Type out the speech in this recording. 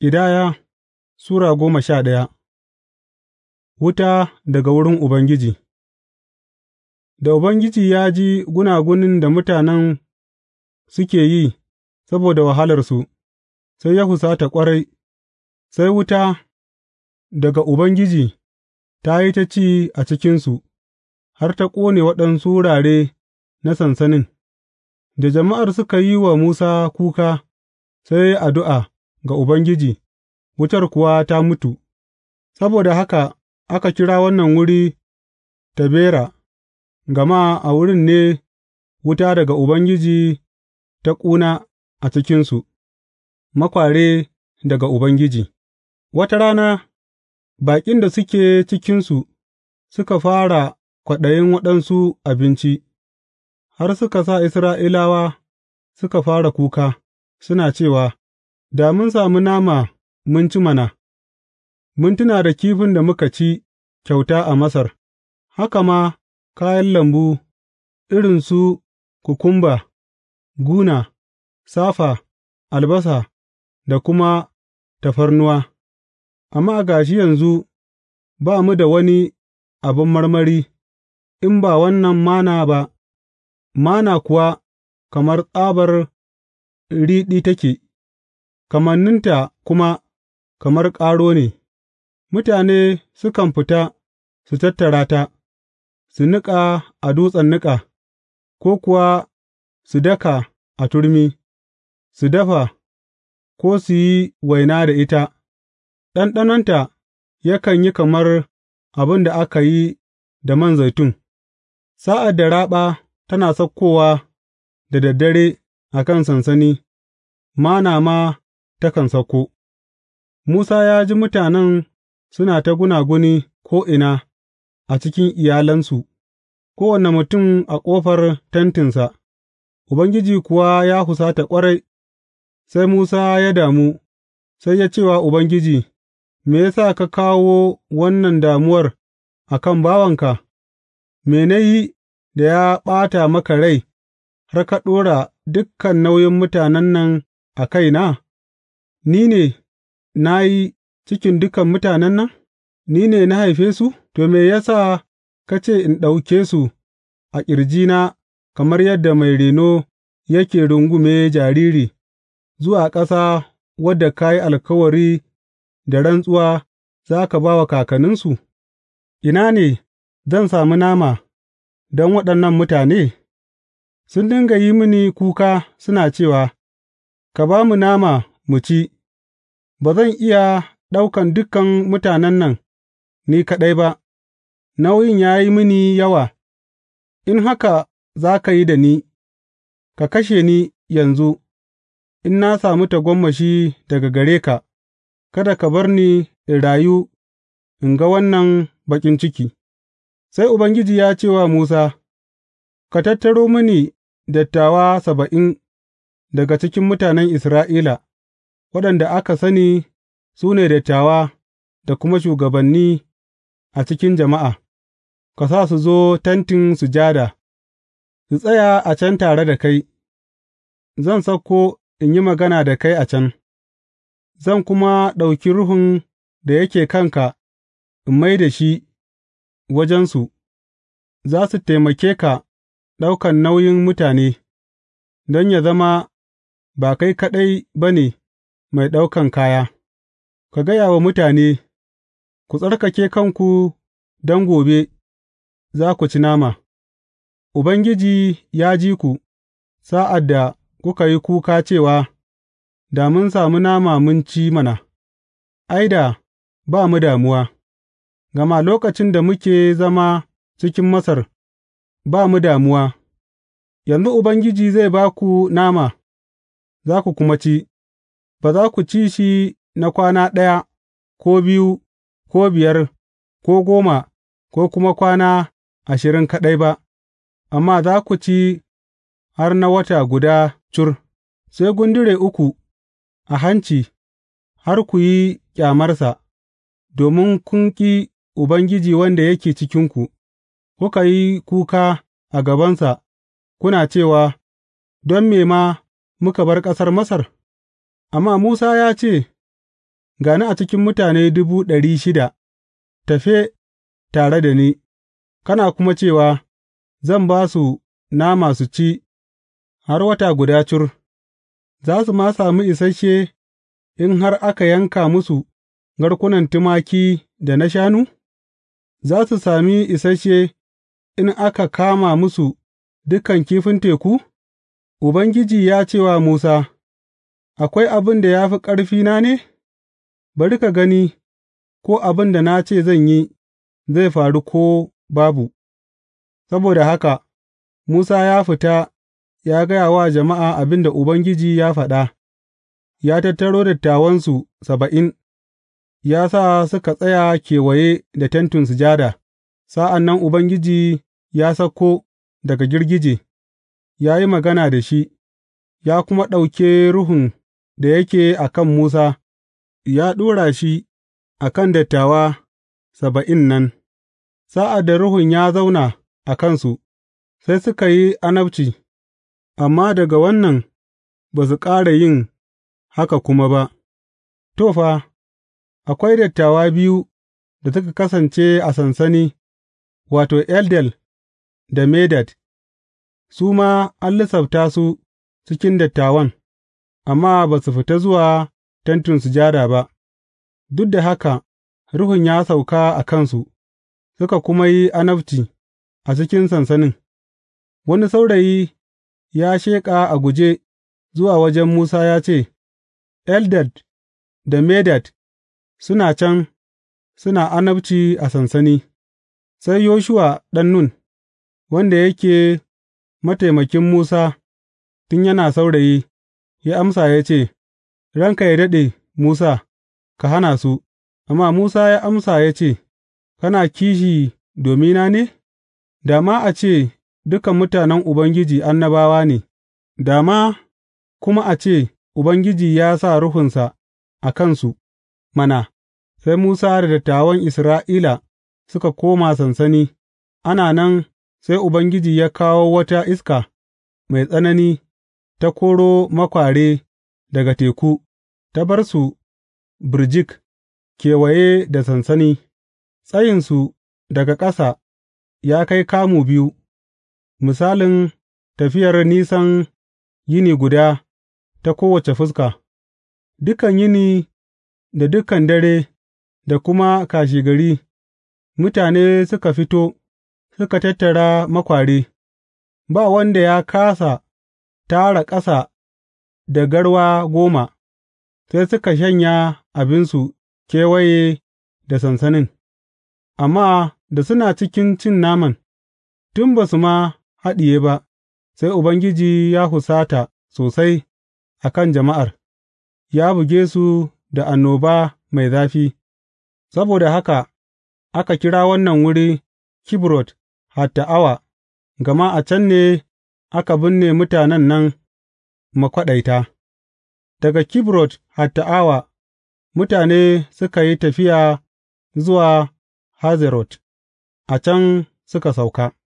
Ƙidaya Sura goma sha daya Wuta daga wurin Ubangiji Da Ubangiji ya ji gunagunin da mutanen suke yi saboda wahalarsu, sai ya husata ƙwarai, sai wuta daga Ubangiji ta yi ta ci a cikinsu, har ta ƙone waɗansu wurare na sansanin, da jama'ar suka yi wa Musa kuka, sai ya yi addu'a. ga Ubangiji, wutar kuwa ta mutu, saboda haka aka kira wannan wuri Tabera, gama a wurin ne wuta daga Ubangiji ta ƙuna a cikinsu, makware daga Ubangiji Wata rana, baƙin da suke cikinsu suka fara kwaɗayin waɗansu abinci, har suka sa Isra'ilawa suka fara kuka, suna cewa. Da mun sami nama mun ci mana, mun tuna da kifin da muka ci kyauta a Masar, haka ma kayan lambu irin su kukumba, guna, safa, albasa da kuma tafarnuwa, amma ga shi yanzu ba mu da wani abin marmari in ba wannan mana ba, mana kuwa kamar tsabar riɗi take. kamanninta kuma kamar ƙaro ne; mutane sukan fita su tattara ta, su niƙa a dutsen niƙa, ko kuwa su daka a turmi, su dafa, ko su yi waina da ita; ɗanɗanonta yakan yi kamar abin da aka yi da man zaitun, sa'ad da raɓa tana saukowa da daddare a kan sansani, Manna ma takan sauko Musa ya ji mutanen suna ta gunaguni ko'ina a cikin iyalansu, kowane mutum a ƙofar tentinsa, Ubangiji kuwa ya husata ƙwarai, sai Musa ya damu, sai ya ce wa Ubangiji, Me ya sa ka kawo wannan damuwar a kan bawanka, me na yi da ya ɓata maka rai har ka ɗora dukan nauyin mutanen nan a kaina? Ni ne na yi cikin dukan mutanen nan, ni ne na haife su, to me ya sa ka ce in ɗauke su a ƙirjina kamar yadda mai reno yake rungume jariri zuwa ƙasa wadda ka yi alkawari da rantsuwa za ka ba wa kakanninsu, ina ne zan sami nama don waɗannan mutane, sun dinga yi mini kuka suna cewa, Ka ba mu nama! mu ci, ba zan iya ɗaukan dukan mutanen nan ni kaɗai ba, nauyin ya yi mini yawa, in haka za ka yi da ni, ka kashe ni yanzu, in na sami tagomashi daga gare ka, kada ka bar ni in rayu in ga wannan baƙin ciki. Sai Ubangiji ya ce wa Musa, Ka tattaro mini dattawa saba'in daga cikin mutanen Isra'ila. Waɗanda aka sani su ne dattawa da kuma shugabanni a cikin jama'a, ka sa su zo Tentin Sujada, su tsaya a can tare da kai, zan sauko in yi magana da kai a can, zan kuma ɗauki Ruhun da yake kanka in mai da shi wajensu, za su taimake ka ɗaukan nauyin mutane, don ya zama ba kai kaɗai ba ne. mai ɗaukan kaya, Ka gaya wa mutane, Ku tsarkake kanku don gobe za ku ci nama; Ubangiji ya ji ku sa'ad da kuka yi kuka cewa, Da mun sami nama mun ci mana, ai, da ba mu damuwa, gama lokacin da muke zama cikin Masar, ba mu damuwa, yanzu Ubangiji zai ba ku nama, za ku kuma ci. ba za ku ci shi na kwana ɗaya, ko biyu, ko biyar, ko goma, ko kuma kwana ashirin kaɗai ba, amma za ku ci har na wata guda cur, sai gundure uku a hanci har ku yi ƙyamarsa, domin kun ƙi Ubangiji wanda yake cikinku, kuka yi kuka a gabansa, kuna cewa, Don me ma muka bar ƙasar Masar?’ Amma Musa ya ce, Ga ni a cikin mutane dubu ɗari shida tafe tare da ni, kana kuma cewa, Zan ba su nama su ci har wata guda cur, za su ma sami isasshe in har aka yanka musu garkunan tumaki da na shanu? Za su sami isasshe in aka kama musu dukan kifin teku? Ubangiji ya ce wa Musa. Akwai abin da ya fi ƙarfina ne, bari ka gani ko abin da na ce zan yi, zai faru ko babu, saboda haka Musa ya fita ya gaya wa jama'a abin da Ubangiji ya faɗa, ya tattaro dattawansu saba'in, ya sa suka tsaya kewaye da Tentin Sujada, sa'an nan Ubangiji ya sauko daga girgije, ya yi magana da shi, ya kuma ɗauke ruhun da yake a kan Musa, ya ɗora shi a kan dattawa saba'in nan, sa'ad da Ruhun ya zauna a kansu, sai suka yi anabci, amma daga wannan ba su ƙara yin haka kuma ba. To, fa, akwai dattawa biyu da suka kasance a sansani, wato, Eldel da Medad, su ma an lissafta su cikin dattawan. amma ba su fita zuwa Tentin Sujada ba, duk da haka Ruhun ya sauka a kansu, suka kuma yi annabci a cikin sansanin, wani saurayi ya sheƙa a guje zuwa wajen Musa ya ce, Eldad da Medad suna can suna annabci a sansani, sai Yoshuwa ɗan Nun, wanda yake mataimakin Musa tun yana saurayi. Ya amsa ya ce, Ranka yă daɗe, Musa, ka hana su, amma Musa ya amsa ya ce, Kana kishi domina ne? Da ma a ce dukan mutanen Ubangiji annabawa ne, da ma kuma a ce Ubangiji ya sa ruhunsa a kansu, mana, sai Musa da dattawan Isra'ila suka koma sansani, ana nan sai Ubangiji ya kawo wata iska mai tsanani ta koro makware daga teku, ta bar su birjik kewaye da sansani; tsayinsu daga ƙasa ya kai kamu biyu, misalin tafiyar nisan yini guda ta kowace fuska, dukan yini da dukan dare da kuma kashegari, mutane suka fito suka tattara makware, ba wanda ya kasa. tara ƙasa da garwa goma, sai suka shanya abinsu kewaye da sansanin, amma da suna cikin cin naman, tun ba su ma haɗiye ba, sai Ubangiji ya husata sosai a kan jama'ar, ya buge su da annoba mai zafi, saboda haka aka kira wannan wuri Kibrot Hatta'awa, gama a can ne aka binne mutanen nan makwaɗaita Daga Kibrot hatta'awa mutane suka yi tafiya zuwa Hazerot, a can suka sauka.